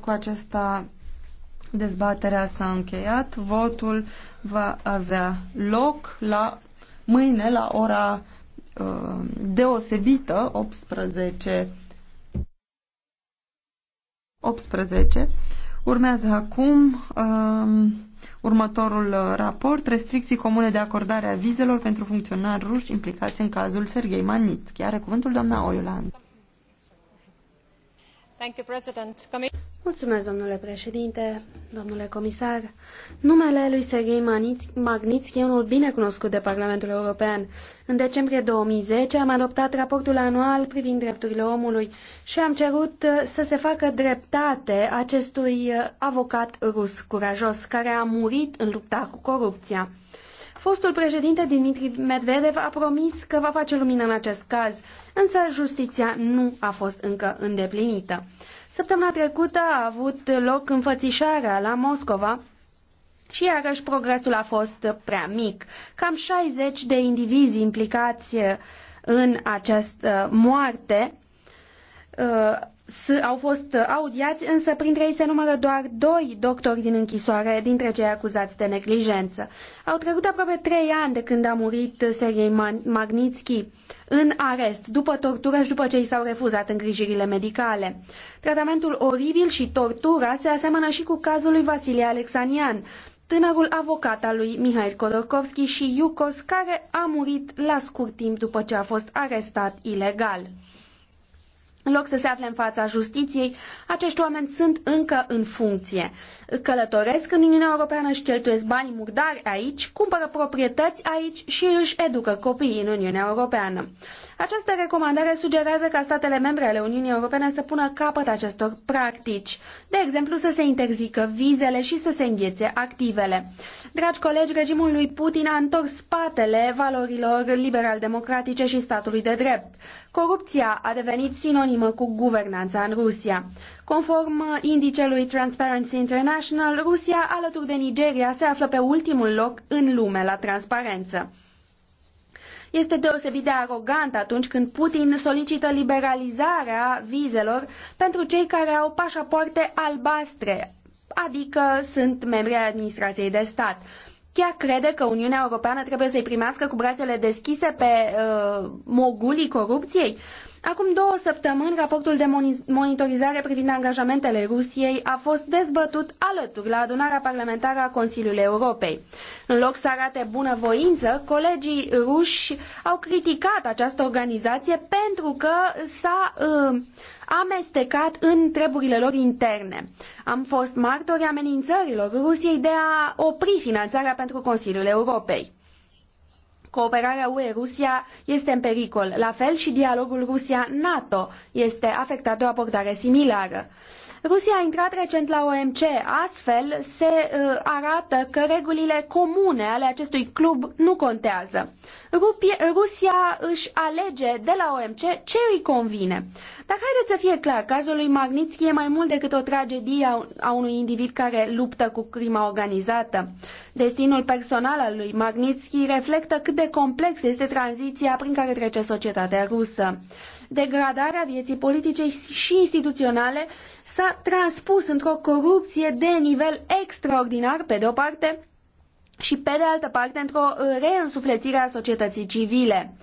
Cu aceasta dezbaterea s-a încheiat. Votul va avea loc la mâine la ora uh, deosebită 18 18. Urmează acum uh, următorul raport, restricții comune de acordare a vizelor pentru funcționari ruși implicați în cazul Serghei Manitski. Are cuvântul doamna Oiuland. Mulțumesc, domnule președinte, domnule comisar. Numele lui Serghei Magnitsky e unul bine cunoscut de Parlamentul European. În decembrie 2010 am adoptat raportul anual privind drepturile omului și am cerut uh, să se facă dreptate acestui uh, avocat rus curajos care a murit în lupta cu corupția. Fostul președinte Dimitri Medvedev a promis că va face lumină în acest caz, însă justiția nu a fost încă îndeplinită. Săptămâna trecută a avut loc înfățișarea la Moscova și iarăși progresul a fost prea mic. Cam 60 de indivizi implicați în această moarte uh, au fost audiați, însă printre ei se numără doar doi doctori din închisoare dintre cei acuzați de neglijență. Au trecut aproape trei ani de când a murit Sergei Magnitsky în arest, după tortură și după ce i s-au refuzat îngrijirile medicale. Tratamentul oribil și tortura se aseamănă și cu cazul lui Vasile Alexanian, tânărul avocat al lui Mihail Khodorkovski și Iucos, care a murit la scurt timp după ce a fost arestat ilegal. În loc să se afle în fața justiției, acești oameni sunt încă în funcție. Călătoresc în Uniunea Europeană, își cheltuiesc bani murdari aici, cumpără proprietăți aici și își educă copiii în Uniunea Europeană. Această recomandare sugerează ca statele membre ale Uniunii Europene să pună capăt acestor practici, de exemplu să se interzică vizele și să se înghețe activele. Dragi colegi, regimul lui Putin a întors spatele valorilor liberal-democratice și statului de drept. Corupția a devenit sinonim inimă cu guvernanța în Rusia. Conform indicelui Transparency International, Rusia, alături de Nigeria, se află pe ultimul loc în lume la transparență. Este deosebit de arogant atunci când Putin solicită liberalizarea vizelor pentru cei care au pașapoarte albastre, adică sunt membri ai administrației de stat. Chiar crede că Uniunea Europeană trebuie să-i primească cu brațele deschise pe uh, mogulii corupției? Acum două săptămâni, raportul de monitorizare privind angajamentele Rusiei a fost dezbătut alături la adunarea parlamentară a Consiliului Europei. În loc să arate bunăvoință, colegii ruși au criticat această organizație pentru că s-a uh, amestecat în treburile lor interne. Am fost martori amenințărilor Rusiei de a opri finanțarea pentru Consiliul Europei. Cooperarea UE-Rusia este în pericol, la fel și dialogul Rusia-NATO este afectat de o abordare similară. Rusia a intrat recent la OMC, astfel se uh, arată că regulile comune ale acestui club nu contează. Rupie, Rusia își alege de la OMC ce îi convine. Dar haideți să fie clar, cazul lui Magnitsky e mai mult decât o tragedie a unui individ care luptă cu crima organizată. Destinul personal al lui Magnitsky reflectă cât de complex este tranziția prin care trece societatea rusă degradarea vieții politice și instituționale s-a transpus într-o corupție de nivel extraordinar, pe de o parte, și pe de altă parte într-o uh, reînsuflețire a societății civile.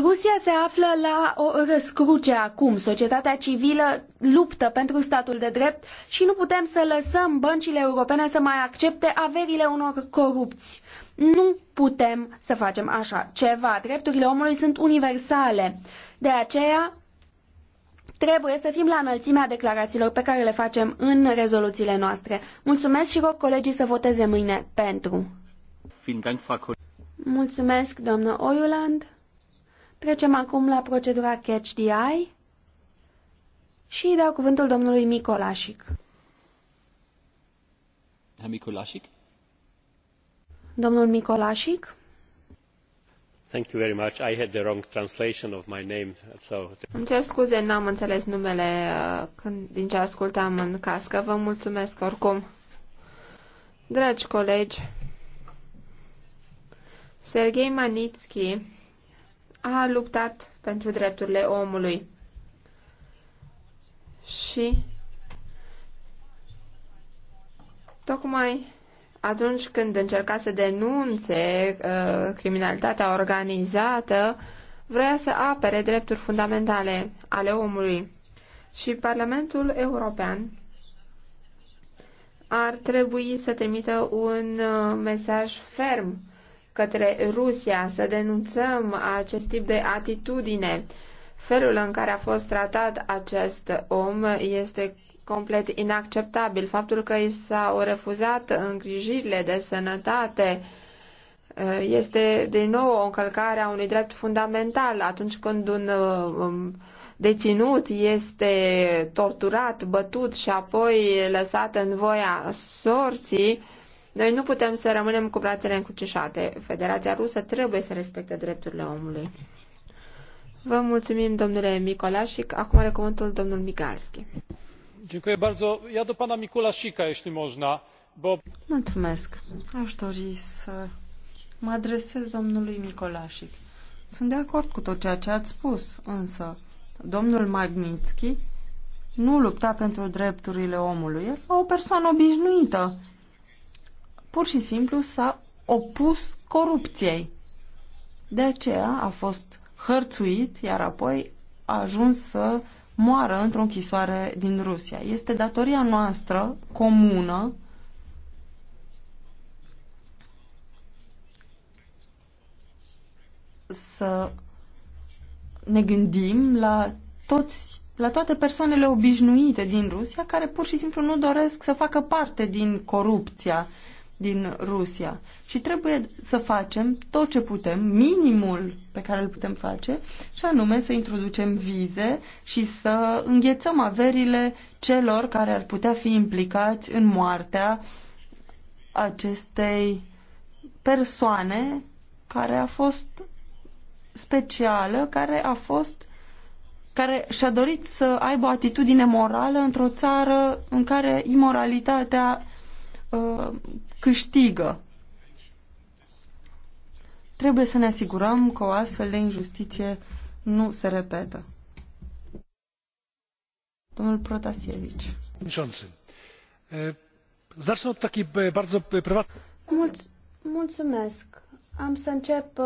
Rusia se află la o răscruce acum. Societatea civilă luptă pentru statul de drept și nu putem să lăsăm băncile europene să mai accepte averile unor corupți. Nu putem să facem așa ceva. Drepturile omului sunt universale. De aceea trebuie să fim la înălțimea declarațiilor pe care le facem în rezoluțiile noastre. Mulțumesc și rog colegii să voteze mâine pentru. Mulțumesc, doamnă Oiuland. Trecem acum la procedura Catch the Eye și îi dau cuvântul domnului Micolașic. Herr Micolașic? Domnul Micolașic? Thank you very much. I had the wrong translation of my name, so... Îmi cer scuze, n-am înțeles numele uh, când, din ce ascultam în cască. Vă mulțumesc oricum. Dragi colegi, Sergei Manitski, a luptat pentru drepturile omului și tocmai atunci când încerca să denunțe uh, criminalitatea organizată, vrea să apere drepturi fundamentale ale omului. Și Parlamentul European ar trebui să trimită un uh, mesaj ferm către Rusia, să denunțăm acest tip de atitudine. Felul în care a fost tratat acest om este complet inacceptabil. Faptul că i s-au refuzat îngrijirile de sănătate uh, este din nou o încălcare a unui drept fundamental atunci când un uh, um, deținut este torturat, bătut și apoi lăsat în voia sorții, noi nu putem să rămânem cu brațele încrucișate. Federația Rusă trebuie să respecte drepturile omului. Vă mulțumim, domnule Mikolașic. Acum are cuvântul domnul Migalski. Dziękuję bardzo. Ja do pana Mikulasika, jeśli można, bo... Mulțumesc. Aș dori să mă adresez domnului Micolașic. Sunt de acord cu tot ceea ce ați spus, însă domnul Magnitsky nu lupta pentru drepturile omului, era o persoană obișnuită pur și simplu s-a opus corupției. De aceea a fost hărțuit, iar apoi a ajuns să moară într-o închisoare din Rusia. Este datoria noastră comună să ne gândim la toți la toate persoanele obișnuite din Rusia care pur și simplu nu doresc să facă parte din corupția din Rusia. Și trebuie să facem tot ce putem, minimul pe care îl putem face, și anume să introducem vize și să înghețăm averile celor care ar putea fi implicați în moartea acestei persoane care a fost specială, care a fost care și-a dorit să aibă o atitudine morală într-o țară în care imoralitatea uh, câștigă. Trebuie să ne asigurăm că o astfel de injustiție nu se repetă. Domnul Protasievici. Mulțumesc. Am să încep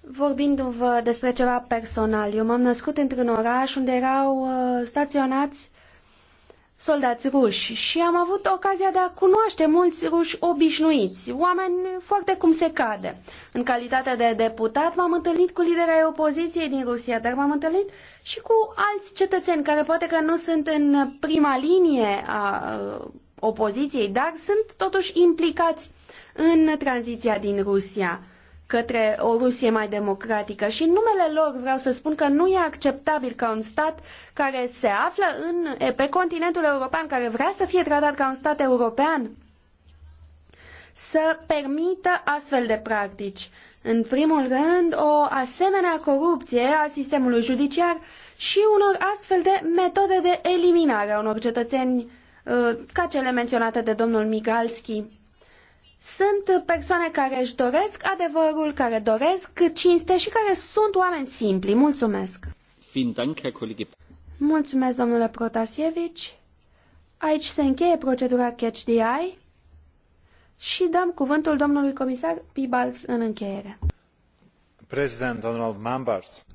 vorbindu-vă despre ceva personal. Eu m-am născut într-un oraș unde erau staționați soldați ruși și am avut ocazia de a cunoaște mulți ruși obișnuiți, oameni foarte cum se cade. În calitate de deputat m-am întâlnit cu liderii opoziției din Rusia, dar m-am întâlnit și cu alți cetățeni care poate că nu sunt în prima linie a uh, opoziției, dar sunt totuși implicați în tranziția din Rusia către o Rusie mai democratică. Și în numele lor vreau să spun că nu e acceptabil ca un stat care se află în, pe continentul european, care vrea să fie tratat ca un stat european, să permită astfel de practici. În primul rând, o asemenea corupție a sistemului judiciar și unor astfel de metode de eliminare a unor cetățeni uh, ca cele menționate de domnul Migalski. Sunt persoane care își doresc adevărul, care doresc cinste și care sunt oameni simpli. Mulțumesc! Mulțumesc, domnule Protasievici. Aici se încheie procedura Catch the Eye și dăm cuvântul domnului comisar Pibals în încheiere.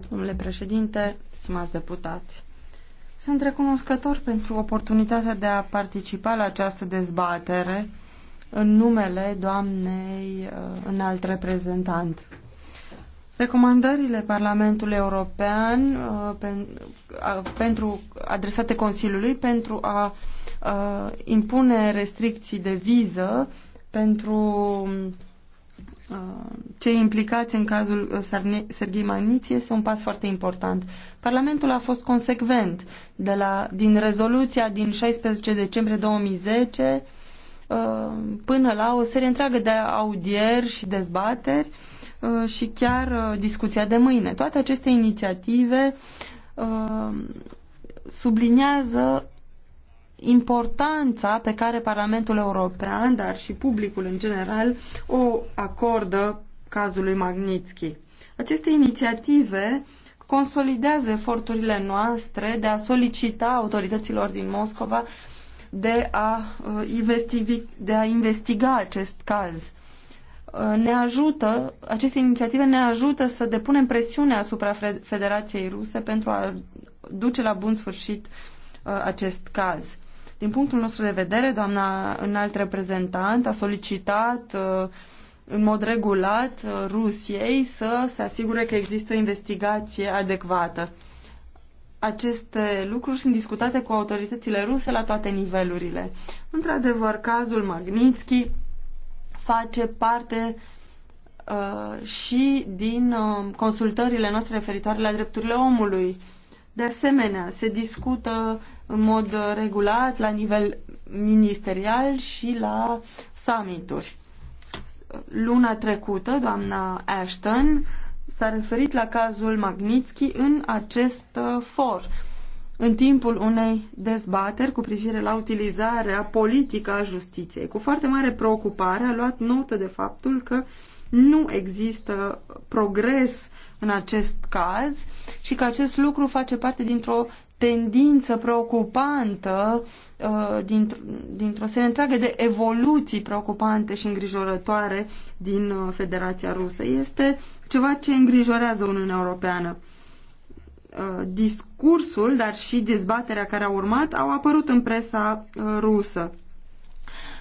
Domnule președinte, stimați deputați, sunt recunoscător pentru oportunitatea de a participa la această dezbatere în numele doamnei uh, înalt reprezentant. Recomandările Parlamentului European uh, uh, pentru, adresate Consiliului pentru a impune restricții de viză pentru cei implicați în cazul Serghei Maniți este un pas foarte important. Parlamentul a fost consecvent de la, din rezoluția din 16 decembrie 2010 Uh, până la o serie întreagă de audieri și dezbateri uh, și chiar uh, discuția de mâine. Toate aceste inițiative subliniază importanța pe care Parlamentul European, dar și publicul în general, o acordă cazului Magnitsky. Aceste inițiative consolidează eforturile noastre de a solicita autorităților din Moscova de a, uh, investi, de a investiga acest caz. Uh, ne ajută, aceste inițiative ne ajută să depunem presiune asupra Federației Ruse pentru a duce la bun sfârșit uh, acest caz. Din punctul nostru de vedere, doamna înalt reprezentant a solicitat în mod regulat Rusiei să se asigure că există o investigație adecvată aceste lucruri sunt discutate cu autoritățile ruse la toate nivelurile. Într-adevăr, cazul Magnitsky face parte uh, și din uh, consultările noastre referitoare la drepturile omului. De asemenea, se discută în mod regulat la nivel ministerial și la summituri. Luna trecută, doamna Ashton s-a referit la cazul Magnitsky în acest uh, for, în timpul unei dezbateri cu privire la utilizarea politică a justiției. Cu foarte mare preocupare a luat notă de faptul că nu există progres în acest caz și că acest lucru face parte dintr-o tendință preocupantă uh, dintr-o, serie întreagă de evoluții preocupante și îngrijorătoare din uh, Federația Rusă. Este ceva ce îngrijorează Uniunea Europeană. Uh, discursul, dar și dezbaterea care a urmat au apărut în presa uh, rusă.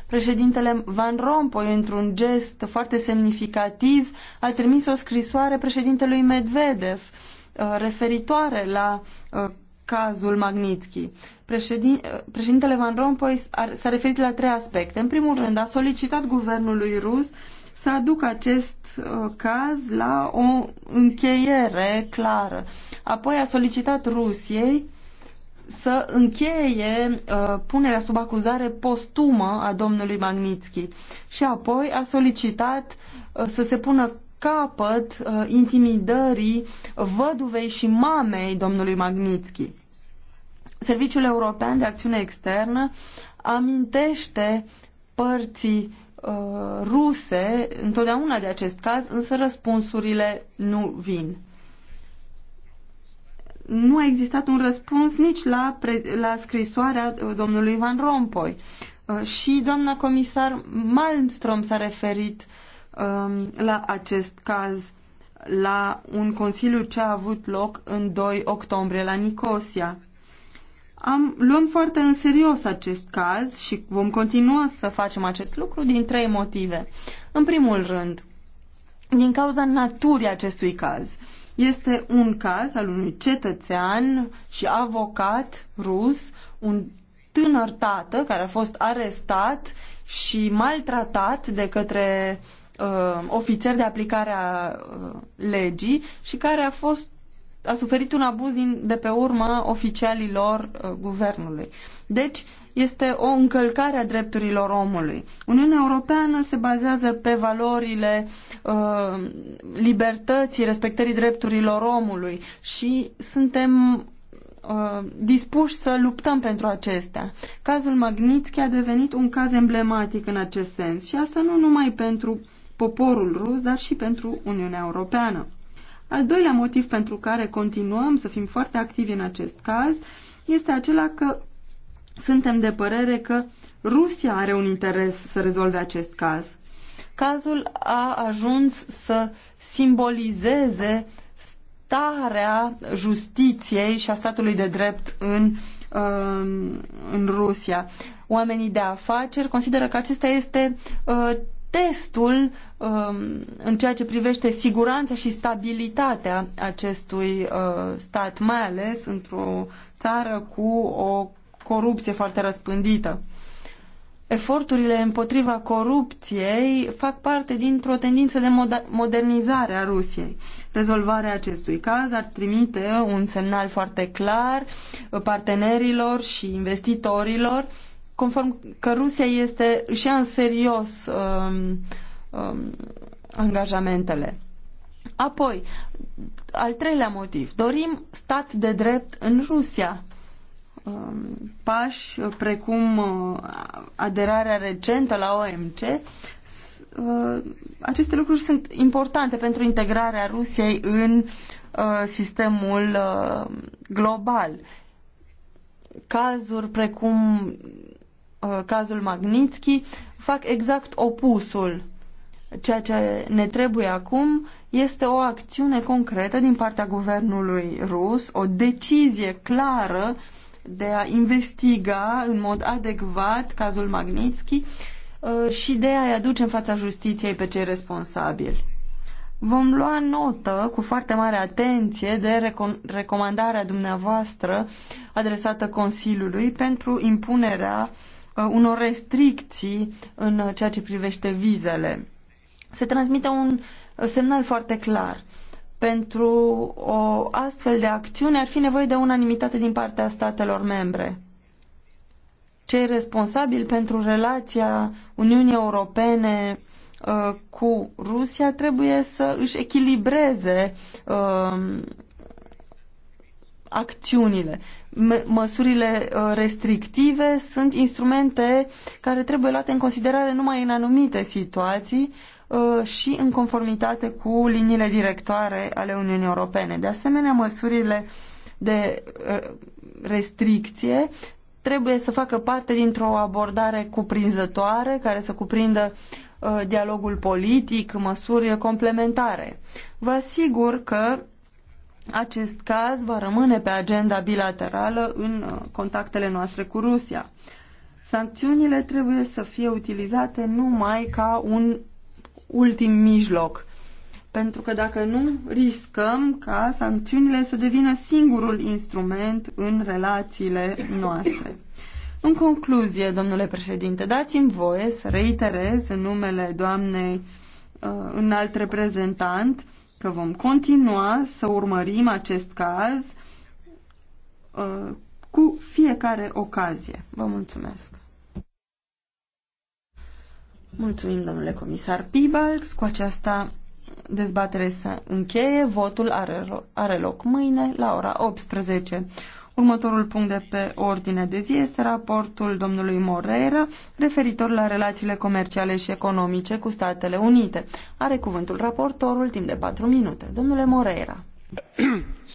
Președintele Van Rompuy, într-un gest foarte semnificativ, a trimis o scrisoare președintelui Medvedev uh, referitoare la cazul Magnitsky. președintele Van Rompuy s-a referit la trei aspecte. În primul rând, a solicitat guvernului rus uh, să aduc acest uh, caz la o încheiere clară. Apoi a solicitat Rusiei să încheie uh, punerea sub acuzare postumă a domnului Magnitsky și apoi a solicitat uh, să se pună capăt uh, intimidării văduvei și mamei domnului Magnitsky. Serviciul European de Acțiune Externă amintește părții Uh, ruse întotdeauna de acest caz, însă răspunsurile nu vin. Nu a existat un răspuns nici la, pre, la scrisoarea uh, domnului Van Rompuy. Uh, și doamna comisar Malmström s-a referit um, la acest caz la un consiliu ce a avut loc în 2 octombrie la Nicosia am, luăm foarte în serios acest caz și vom continua să facem acest lucru din trei motive. În primul rând, din cauza naturii acestui caz. Este un caz al unui cetățean și avocat rus, un tânăr tată care a fost arestat și maltratat de către uh, ofițer de aplicare a uh, legii și care a fost a suferit un abuz din, de pe urma oficialilor uh, guvernului. Deci, este o încălcare a drepturilor omului. Uniunea Europeană se bazează pe valorile uh, libertății, respectării drepturilor omului și suntem uh, dispuși să luptăm pentru acestea. Cazul Magnitsky a devenit un caz emblematic în acest sens și asta nu numai pentru poporul rus, dar și pentru Uniunea Europeană. Al doilea motiv pentru care continuăm să fim foarte activi în acest caz este acela că suntem de părere că Rusia are un interes să rezolve acest caz. Cazul a ajuns să simbolizeze starea justiției și a statului de drept în, um, în Rusia. Oamenii de afaceri consideră că acesta este uh, testul um, în ceea ce privește siguranța și stabilitatea acestui uh, stat, mai ales într-o țară cu o corupție foarte răspândită. Eforturile împotriva corupției fac parte dintr-o tendință de modernizare a Rusiei. Rezolvarea acestui caz ar trimite un semnal foarte clar uh, partenerilor și investitorilor conform că Rusia este și în serios um, um, angajamentele. Apoi, al treilea motiv, dorim stat de drept în Rusia. Um, pași precum uh, aderarea recentă la OMC, uh, aceste lucruri sunt importante pentru integrarea Rusiei în uh, sistemul uh, global. Cazuri precum Uh, cazul Magnitsky fac exact opusul. Ceea ce ne trebuie acum este o acțiune concretă din partea guvernului rus, o decizie clară de a investiga în mod adecvat cazul Magnitsky uh, și de a-i aduce în fața justiției pe cei responsabili. Vom lua notă cu foarte mare atenție de recom- recomandarea dumneavoastră adresată Consiliului pentru impunerea uh, Uh, unor restricții în uh, ceea ce privește vizele. Se transmite un uh, semnal foarte clar. Pentru o astfel de acțiune ar fi nevoie de unanimitate din partea statelor membre. Cei responsabili pentru relația Uniunii Europene cu Rusia trebuie să își echilibreze acțiunile măsurile uh, restrictive sunt instrumente care trebuie luate în considerare numai în anumite situații uh, și în conformitate cu liniile directoare ale Uniunii Europene. De asemenea, măsurile de uh, restricție trebuie să facă parte dintr-o abordare cuprinzătoare care să cuprindă dialogul politic, măsuri complementare. Vă asigur că acest caz va rămâne pe agenda bilaterală în uh, contactele noastre cu Rusia. Sancțiunile trebuie să fie utilizate numai ca un ultim mijloc, pentru că dacă nu, riscăm ca sancțiunile să devină singurul instrument în relațiile noastre. În concluzie, domnule președinte, dați-mi voie să reiterez în numele doamnei uh, înalt reprezentant uh, că vom continua să urmărim acest caz uh, cu fiecare ocazie. Vă mulțumesc! Mulțumim, domnule comisar Pibalx. Cu aceasta dezbatere se încheie. Votul are, are loc mâine la ora 18. Următorul punct de pe ordine de zi este raportul domnului Moreira referitor la relațiile comerciale și economice cu Statele Unite. Are cuvântul raportorul timp de 4 minute. Domnule Moreira.